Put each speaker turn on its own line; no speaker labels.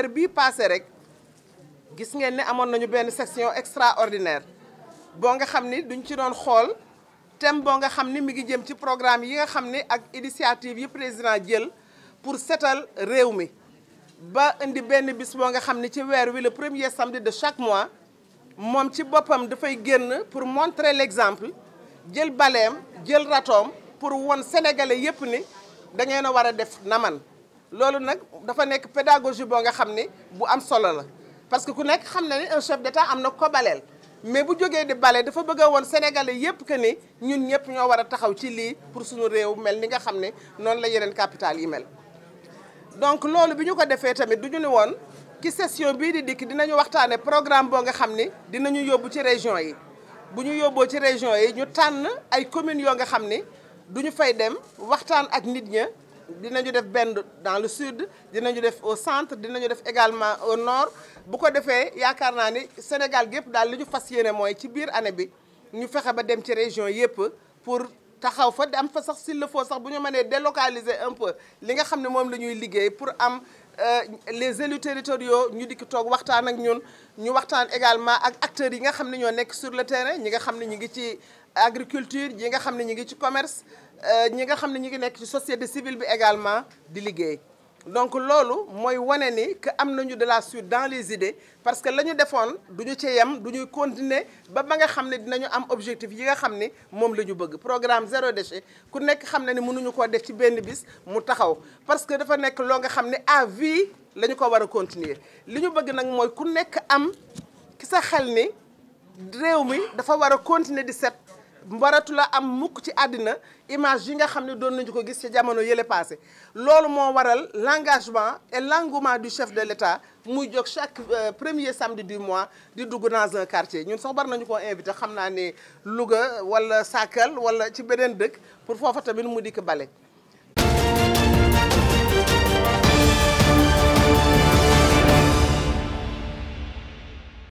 weer bii passé rek gis ngeen ne nañu benn section extraordinaire bo nga xam duñ ci doon xol thème bo nga xam mi ngi jëm ci programme yi nga xam ak initiative yi président jël pour sétal réew mi ba indi benn bis bo nga xam ci weer wi le premier samedi de chaque mois mom ci da fay génn pour montrer l'exemple jël balem, jël ratom pour won sénégalais yépp ni da ngeen a def naman loolu nag dafa nekk pédagogie boo nga xam ni bu am solo la parce que ku nekk xam na ni un chef d'état am na ko baleel mais bu jógee di bale dafa bëgg a woon sénégalais yépp que ni ñun ñëpp ñoo war a taxaw ci lii pour suñu réew mel ni nga xam ne noonu la yeneen capital yi mel. donc loolu bi ñu ko defee tamit du ñu ni woon ci session bii di dikk dinañu waxtaanee programme boo nga xam ni dinañu yóbbu ci région yi bu ñu yóbboo ci région yi ñu tànn ay communes yoo nga xam ni du fay dem waxtaan ak nit ña. dinañu def benn dans le sud dinañu def au centre dinañu def également au nord bu ko defee yaakaar naa ni Sénégal gépp daal li ñu fas yéene mooy ci biir année bi ñu fexe ba dem ci région yëpp pour taxaw fa am fa sax s'il le faut sax buñu mané délocaliser un peu li nga xamné mom lañuy la liggéey pour am euh, les élus territoriaux ñu dik tok waxtaan ak ñun ñu waxtaan également ak acteurs yi nga xam ñoo nek sur le terrain ñi nga xam ñi ngi ci agriculture yi nga xam ñi ngi ci commerce euh, ñi nga xam ñi ngi nek ci société civile bi également di liggéey donc loolu mooy wane ni que am nañu de la suite dans les idées parce que lañu defoon du ñu ci yem du ñuy continuer ba ba nga xam ne dinañu am objectif yi nga xam ni moom la ñu bëgg programme zéro déchet ku nekk xam na ni mënuñu koo def ci benn bis mu taxaw parce que dafa nekk loo nga xam ne à vie la ñu ko war a continuer li ñu bëgg nag mooy ku nekk am ki sa xel ni réew mi dafa war a continuer di set waratula am mukk ci adina image yi nga doon passé l'engagement et l'engouement du chef de l'État muy chaque euh, premier samedi du mois di dugg dans un quartier ñun sax bar nañu ko invité xamna Louga wala Sakal wala ci beneen deuk pour fofa tamit